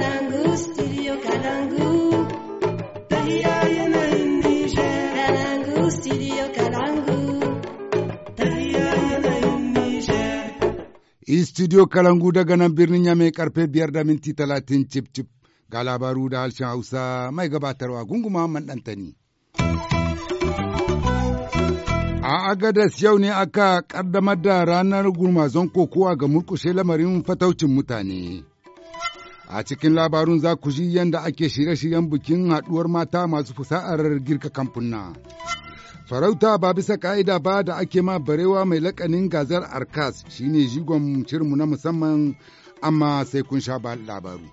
kalangu kalangu daga nan birnin yame karfe biyar da minti talatin cip cip ga labaru da harshen hausa mai gabatarwa gunguma man A Agadas yau ne aka ƙaddamar da ranar gurmazon kokowa ga murkushe lamarin fataucin mutane. A cikin labarun za ku ji yadda ake shirye-shiryen bikin haɗuwar mata masu fusa'ar girka kamfuna. Farauta ba bisa ka'ida ba da ake ma barewa mai lakanin gazar Arkas shine jigon cirmu na musamman amma sai kun sha ba labaru.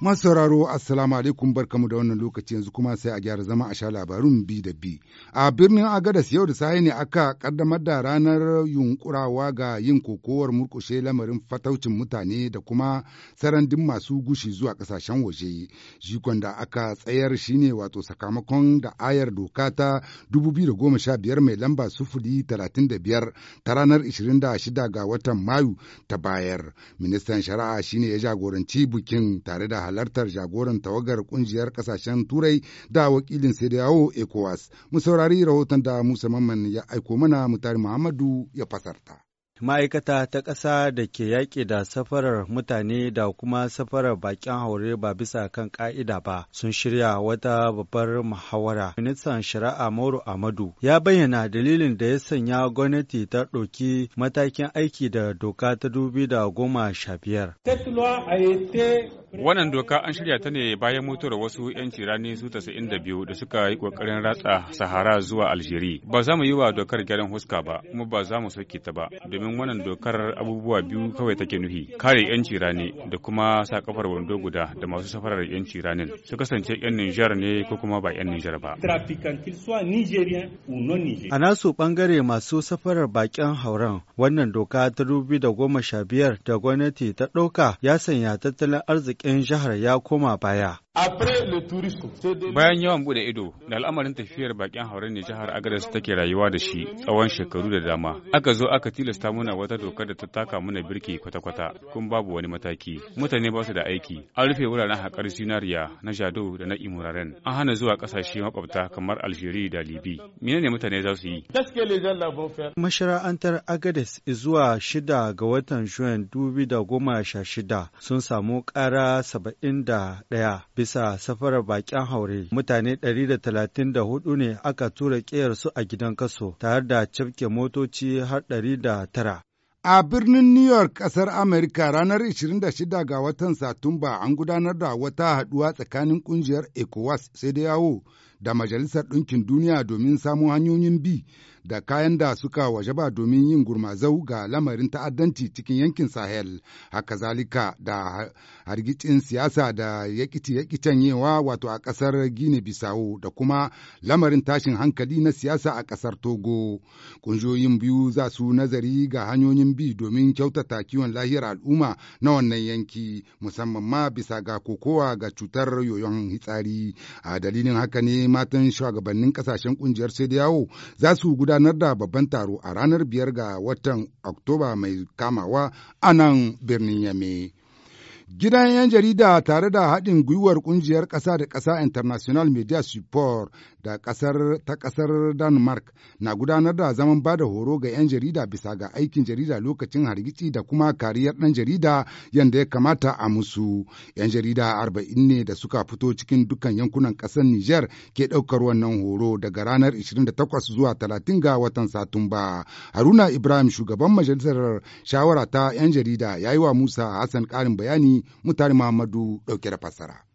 Masu sauraro Assalamu alaikum barkamu da wannan lokaci yanzu kuma sai a gyara zama a sha labarun bi da bi. A birnin Agadas yau da sahi ne aka kaddamar da ranar yunkurawa ga yin kokowar murkushe lamarin fataucin mutane da kuma sarandin masu gushi zuwa kasashen waje. Jikon da aka tsayar shine wato sakamakon da ayar doka ta 2015 mai lamba sufuri biyar, ta ranar 26 ga watan Mayu ta bayar. Ministan shari'a shine ya jagoranci bikin tare da halartar jagoran tawagar kungiyar kasashen turai da wakilin sai yawo ecowas mu saurari rahoton da musa mamman ya aiko mana mutari muhammadu ya fasarta ma'aikata ta ƙasa da ke yaƙi da safarar mutane da kuma safarar bakin haure ba bisa kan ƙa'ida ba sun shirya wata babbar muhawara. ministan shari'a mauro amadu ya bayyana dalilin da ya sanya gwamnati ta ɗauki matakin aiki da doka ta dubi da goma sha biyar Wannan doka an shirya ta ne bayan mutuwar wasu 'yan cirani su biyu da suka yi ƙoƙarin ratsa Sahara zuwa Aljeri. Ba za mu yi wa dokar gyaran huska ba, kuma ba za mu soke ta ba, domin wannan dokar abubuwa biyu kawai take nuhi. Kare 'yan cirani da kuma sa kafar wando guda da masu safarar 'yan ciranin su kasance 'yan Nijar ne ko kuma ba 'yan Nijar ba. A nasu bangare masu safarar bakin hauran wannan doka ta dubi da goma sha biyar da gwamnati ta ɗauka ya sanya tattalin arziki arzikin jihar ya koma baya. Bayan yawan bude ido da al'amarin tafiyar bakin hauren ne jihar Agadez take rayuwa da shi tsawon shekaru da dama. Aka zo aka tilasta muna wata dokar da ta taka muna birki kwata-kwata kun babu wani mataki. Mutane ba su da aiki. An rufe wuraren haƙar zinariya na Jado da na Imuraren. An hana zuwa ƙasashe makwabta kamar Aljeri da Libi. Menene mutane za su yi? Mashara'antar Agadez zuwa shida ga watan Juin dubi da goma sha shida sun samu ƙara saba'in da ɗaya bisa safarar bakin haure mutane 134 ne aka tura su a gidan kaso tare da cafke motoci har 109. A birnin New York, ƙasar Amurka ranar 26 ga watan Satumba an gudanar da wata haɗuwa tsakanin ƙungiyar ECOWAS sai da yawo da Majalisar Ɗinkin Duniya domin samun hanyoyin bi da kayan da suka waje ba domin yin gurmazau ga lamarin ta'addanci cikin yankin Sahel, haka zalika da hargitsin siyasa da yakici yakicen yewa wato a ƙasar Gine Bisawo da kuma lamarin tashin hankali na siyasa a ƙasar Togo. Ƙungiyoyin biyu za su nazari ga hanyoyin bi domin kyautata kiwon lahiyar al'umma na wannan yanki musamman ma bisa ga kokowa ga cutar yoyon hitsari. A dalilin haka ne matan shugabannin ƙasashen ƙungiyar sai yawo za su gudanar da babban taro a ranar biyar ga watan Oktoba mai kamawa a nan birnin Yame. Gidan 'yan jarida tare da haɗin gwiwar ƙungiyar ƙasa da ƙasa International Media Support da kasar ta kasar Denmark na gudanar da zaman ba da horo ga 'yan jarida bisa ga aikin jarida lokacin hargitsi da kuma kariyar ɗan jarida yadda ya kamata a musu. 'Yan jarida arba'in ne da suka fito cikin dukkan yankunan ƙasar Nijar ke ɗaukar wannan horo daga ranar 28 zuwa 30 ga watan Satumba. Haruna Ibrahim shugaban majalisar shawara ta 'yan jarida ya yi wa Musa Hassan ƙarin bayani mutane Muhammadu ɗauke da fassara.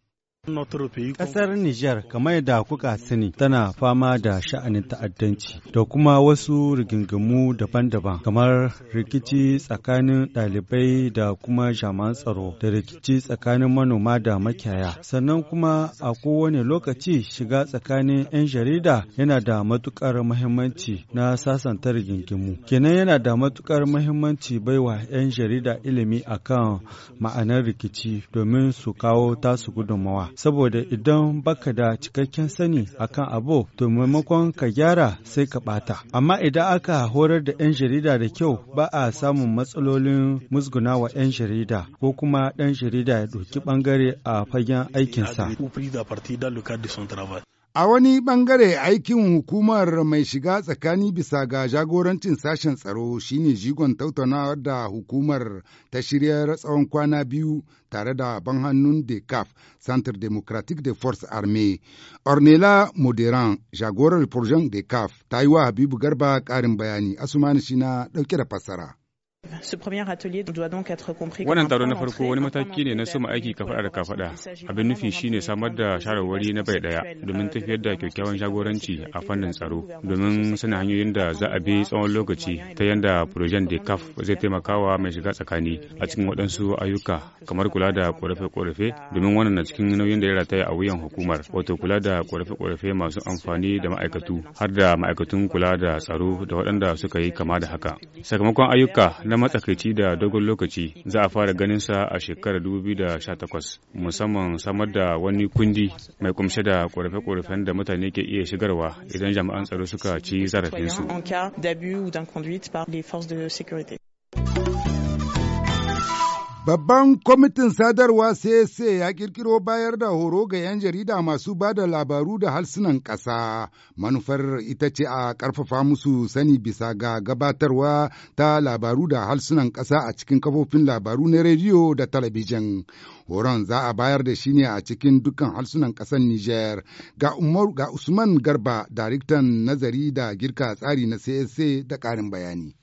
Ƙasar Nijar, kamar da kuka sani, tana fama da sha'anin ta'addanci da kuma wasu rigingimu daban-daban, kamar rikici tsakanin ɗalibai da kuma jaman tsaro, da rikici tsakanin manoma da makiyaya. Sannan kuma a kowane lokaci shiga tsakanin 'yan jarida yana da matuƙar muhimmanci na sasanta rigingimu. Kenan yana da matuƙar mahimmanci baiwa 'yan jarida ilimi akan ma'anar rikici domin su kawo tasu gudunmawa. saboda idan baka da cikakken sani akan abu to maimakon ka gyara sai ka bata amma idan aka horar da 'yan jarida da kyau ba a samun matsalolin musgunawa 'yan jarida ko kuma ɗan jarida ya ɗauki ɓangare a fagen aikinsa A wani ɓangare aikin hukumar mai shiga tsakani bisa ga jagorancin sashen tsaro shine jigon tattaunawar da hukumar ta shiryar tsawon kwana biyu tare da ban hannun DECAF, Center democratic de Force Armée. Ornella Moderan, jagorar Projan DECAF, ta yi wa Habibu Garba ƙarin bayani, Asumani shi na ɗauke da fassara. Wannan taro na farko wani mataki ne na soma aiki kafaɗa da kafaɗa. Abin nufi shine samar da shawarwari na bai daya domin euh, tafiyar da kyakkyawan jagoranci a fannin tsaro domin sanin hanyoyin da za a bi tsawon lokaci ta yadda Projen caf zai taimakawa mai shiga tsakani a cikin waɗansu ayyuka kamar kula da ƙorafe-ƙorafe domin wannan na cikin nauyin da ya rataya a wuyan hukumar wato kula da ƙorafe-ƙorafe masu amfani da ma'aikatu har da ma'aikatun kula da tsaro da waɗanda suka yi kama da haka. Sakamakon ayyuka na na matsakaici da dogon lokaci za a fara ganin sa a shekarar 2018 musamman samar da wani kundi mai kumshe da ƙorafe-ƙorafen da mutane ke iya shigarwa idan jami'an tsaro suka ci zarafinsu. Babban kwamitin sadarwa CAC, ya kirkiro bayar da horo ga 'yan jarida masu ba da labaru da harsunan ƙasa. Manufar ita ce a ƙarfafa musu sani bisa ga gabatarwa ta labaru da harsunan ƙasa a cikin kafofin labaru na rediyo da talabijin. Horon za a bayar da shi ne a cikin dukkan harsunan ƙasar Nijar. Ga, Usman Garba, daraktan nazari da girka tsari na CSA da ƙarin bayani.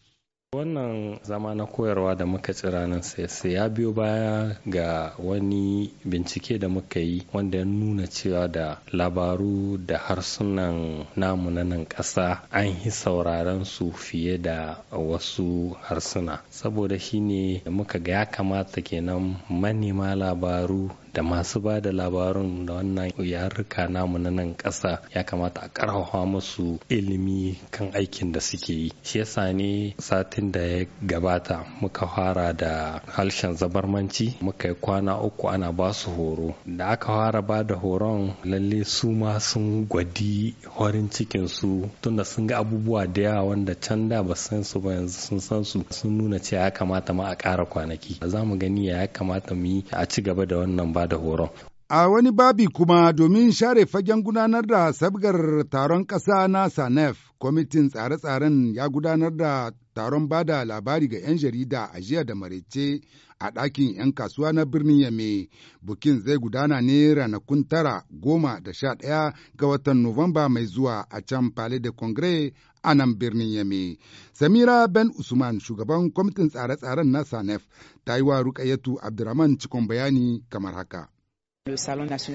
wannan zama na koyarwa da muka ci ranar sai ya biyo baya ga wani bincike da muka yi wanda ya nuna cewa da labaru da harsunan namu na nan ƙasa an yi sauraron su fiye da wasu harsuna saboda shine muka ga ya kamata kenan manema labaru da masu ba da labarun da wannan yarurruka namu na nan ƙasa ya kamata a ƙarfafa masu ilimi kan aikin da suke yi shi yasa ne satin da ya gabata muka fara da harshen zabarmanci muka yi kwana uku ana ba su horo da aka fara ba da horon lalle su ma sun gwadi horin cikin su tunda sun ga abubuwa da yawa wanda can da ba san su ba yanzu sun san su sun nuna cewa ya kamata ma a ƙara kwanaki za mu gani ya kamata mu yi a ci gaba da wannan ba ba da horon. A wani babi kuma domin share fagen gudanar da sabgar taron ƙasa na SANEF, kwamitin tsare-tsaren ya gudanar da taron ba da labari ga 'yan jarida a jiya da marece a ɗakin 'yan kasuwa na birnin Yame. Bukin zai gudana ne ranakun tara goma da sha ɗaya ga watan Nuwamba mai zuwa a can Palais de Congrès a nan birnin Yame. Samira Ben Usman shugaban kwamitin tsare-tsaren na Sanef ta yi wa Rukayatu Abdurrahman cikon bayani kamar haka.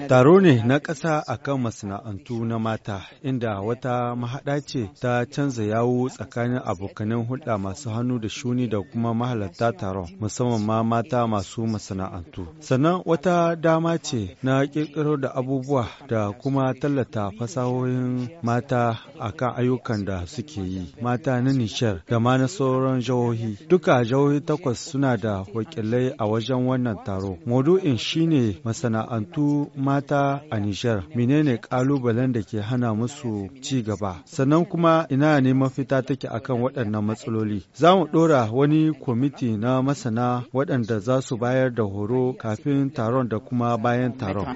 Taro ne na ƙasa a kan masana'antu na mata, inda wata mahaɗa ce ta canza yawo tsakanin abokanan hulɗa masu hannu da shuni da kuma mahalarta taron, musamman ma mata masu masana'antu. Sannan wata dama ce na ƙirƙiro da abubuwa da kuma tallata fasahohin mata a kan ayyukan da suke yi, mata na Nishar da ma na sauran jihohi. Duka jihohi takwas suna da wakilai a wajen wannan taro. Maudu'in shine masana'antu. masana'antu mata a Nijar menene kalubalen da ke hana musu ci gaba sannan kuma ina ne mafita take akan waɗannan matsaloli za mu ɗora wani kwamiti na masana waɗanda za su bayar da horo kafin taron da kuma bayan taron.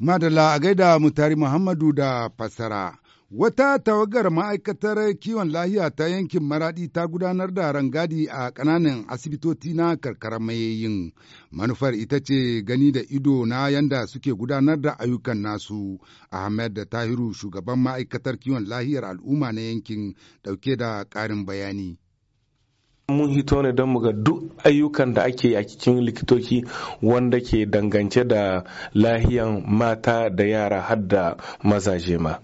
Madala a gaida mutari Muhammadu da fassara. Wata tawagar ma'aikatar kiwon lahiya ta yankin Maradi ta gudanar da rangadi a ƙananan asibitoci na karkara mayayin. Manufar ita ce gani da ido na yanda suke gudanar da ayyukan nasu. Ahmed da Tahiru shugaban ma'aikatar kiwon lahiyar al'umma na yankin ɗauke da ƙarin bayani. mun hito ne don mu ga duk ayyukan da ake a cikin likitoci wanda ke dangance da lahiyan mata da yara har da mazaje ma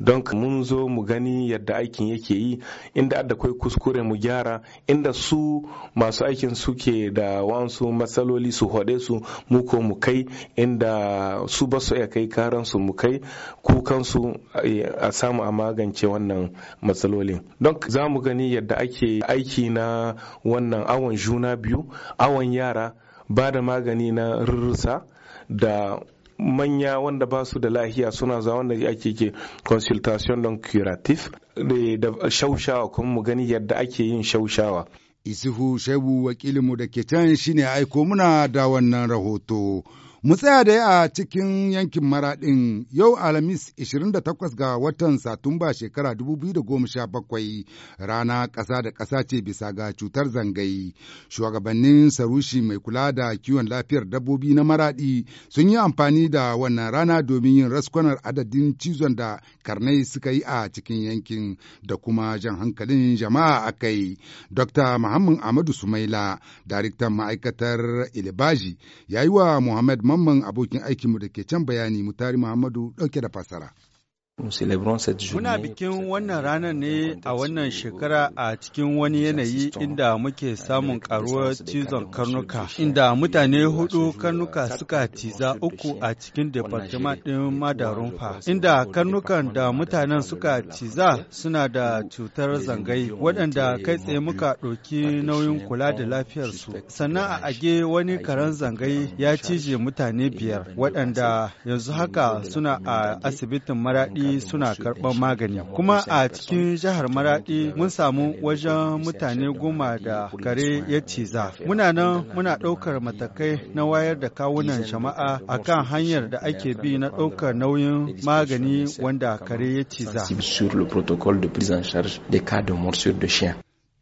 don mun zo mu gani yadda aikin yake yi inda adda kai kuskure mu gyara inda su masu aikin suke da wansu matsaloli su hode su mu ko mu kai inda su ba su iya kai karansu mu kai kukansu eh, a samu a magance wannan matsalolin don za mu gani yadda ake aiki na wannan awon juna biyu awon yara ba da magani na rurrusa da manya wanda ba su da lahiya suna za wanda ake ke consultation don curative da shaushawa kuma mu gani yadda ake yin shaushawa isuhu shebu wakilinmu da ke can shine aiko muna da wannan rahoto Mu tsaya da a cikin yankin maraɗin yau Alhamis 28 ga watan Satumba shekara 2017 rana ƙasa da ƙasa ce bisa ga cutar zangai. Shugabannin sarushi mai kula da kiwon lafiyar dabbobi na maraɗi sun yi amfani da wannan rana domin yin raskwanar adadin cizon da karnai suka yi a cikin yankin da kuma jan hankalin jama'a a kai. Dr. Muhammad Ahmadu Sumaila, daraktan ma'aikatar Ilibaji, ya yi wa Muhammad mamman abokin aikinmu da ke can bayani mutari Muhammadu ɗauke da fassara. Muna bikin wannan ranar ne a wannan shekara a cikin wani yanayi inda muke samun karuwar cizon karnuka, inda mutane hudu karnuka suka ciza uku a cikin departament ɗin Madarunfa, inda karnukan da mutanen suka ciza suna da cutar zangai waɗanda kai tsaye muka ɗauki nauyin kula da lafiyarsu. Sannan a age wani karen zangai ya cije mutane biyar waɗanda yanzu haka suna a asibitin maraɗi suna karɓar magani kuma a cikin jihar maraɗi mun samu wajen mutane goma da kare ya ciza muna nan muna ɗaukar matakai na wayar da kawunan jama'a kan hanyar da ake bi na ɗaukar nauyin magani wanda kare ya ciza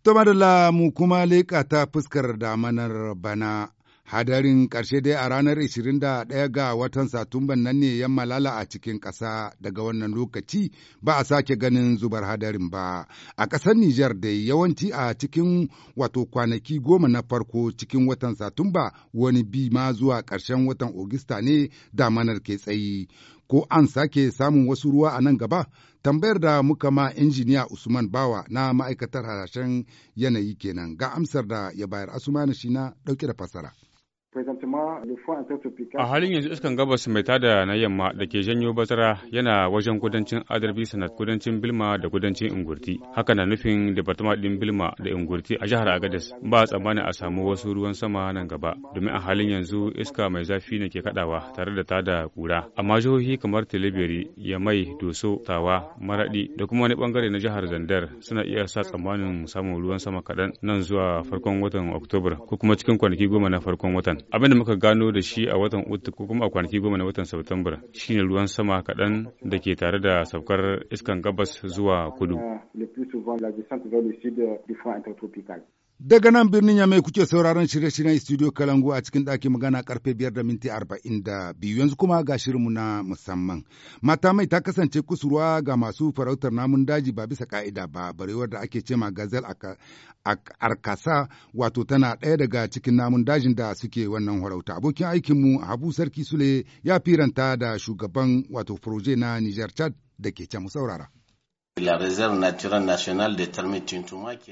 Tomadala mu kuma leƙa ta fuskar damanar bana Hadarin ƙarshe dai a ranar 21 ga watan Satumban nan ne ya malala a cikin ƙasa daga wannan lokaci ba a sake ganin zubar hadarin ba. A ƙasar Nijar da yawanci a cikin wato kwanaki goma na farko cikin watan Satumba wani bi ma zuwa ƙarshen watan Ogista ne damanar ke tsayi. Ko an sake samun wasu ruwa a nan gaba? Tambayar da muka ma injiniya Usman Bawa na ma'aikatar harashen yanayi kenan ga amsar da ya bayar Asumani shi na ɗauke da fasara. A halin yanzu iskan gabas mai tada na yamma da ke janyo bazara yana wajen kudancin Adarbi Sanat kudancin Bilma da kudancin Ingurti. Haka na nufin Departement ɗin Bilma da Ingurti a jihar Agadez ba a tsammanin a samu wasu ruwan sama nan gaba domin a halin yanzu iska mai zafi ne ke kadawa tare da tada kura. Amma jihohi kamar Tilibiri, Yamai, Doso, Tawa, Maradi da kuma wani bangare na jihar Zandar suna iya sa tsammanin samun ruwan sama kaɗan nan zuwa farkon watan Oktoba ko kuma cikin kwanaki goma na farkon watan. Abin da muka gano da shi a watan uku ko kuma a kwanaki goma na watan Satumbar shine ruwan sama kaɗan da ke tare da saukar iskan gabas zuwa kudu. Daga nan birnin Yamai kuke sauraron shirye-shiryen studio Kalangu a cikin ɗakin magana karfe biyar da minti arba'in da biyu yanzu kuma ga shirinmu na musamman. Mata mai ta kasance kusurwa ga masu farautar namun daji ba bisa ka'ida ba barewar da ake cema gazel arkasa wato tana ɗaya daga cikin namun dajin da suke wannan farauta. Abokin aikinmu Habu Sarki Sule ya firanta da shugaban wato na Nijar Chad da ke can mu saurara.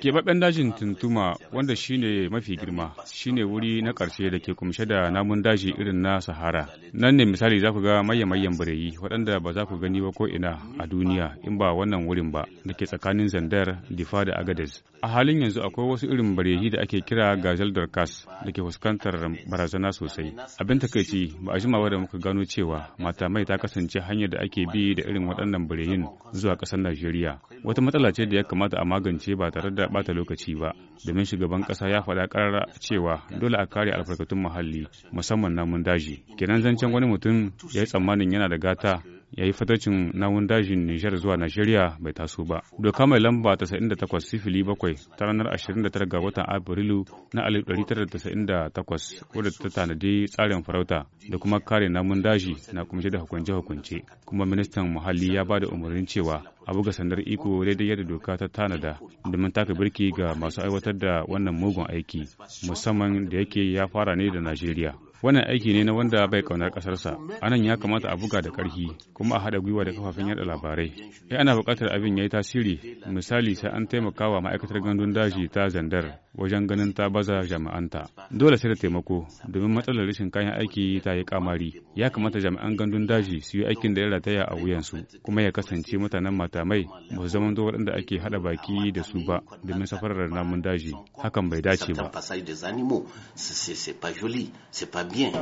Keɓaɓɓen dajin Tuntuma wanda shine mafi girma, shine wuri na ƙarshe da ke kumshe da namun daji irin na Sahara. Nan ne misali za ku ga maye mayan birayi waɗanda ba za ku gani ba ko ina a duniya in ba wannan wurin ba da ke tsakanin Zandar, Difa da Agadez. A halin yanzu akwai wasu irin birayi da ake kira Gazal Dorcas da ke fuskantar barazana sosai. Abin takaici ba a jimawa da muka gano cewa mata mai ta kasance hanyar da ake bi da irin waɗannan birayin zuwa ƙasar Najeriya. Najeriya wata matsala ce da ya kamata a magance ba tare da bata lokaci ba domin shugaban kasa ya faɗa ƙarara cewa dole a kare alfarkatun muhalli musamman namun daji. Kenan zancen wani mutum ya yi tsammanin yana da gata ya yi fatacin namun dajin Nijar zuwa Najeriya bai taso ba. Doka mai lamba 98 sifili bakwai ta ranar 29 ga watan Afrilu na 1998 wadda ta tanadi tsarin farauta da kuma kare namun daji na kumshe da hukunce-hukunce. Kuma ministan muhalli ya ba da umarnin cewa a buga sandar iko daidai yadda doka ta tanada domin taka birki ga masu aiwatar da wannan mugun aiki musamman da yake ya fara ne da Najeriya. Wannan aiki ne na wanda bai kaunar kasarsa Anan ya kamata a buga da ƙarfi kuma a haɗa gwiwa da kafafen yada labarai. ya ana buƙatar abin ya yi tasiri. Misali sai an taimaka wa ma'aikatar gandun daji ta Zandar wajen ganin ta baza jama'anta. Dole sai da taimako domin matsalar rashin kayan aiki ta yi kamari. Ya kamata jami'an gandun daji su yi aikin da ya rataya a wuyansu kuma ya kasance mutanen matamai ba su zama waɗanda ake haɗa baki da su ba domin safarar namun daji. Hakan bai dace ba. bien.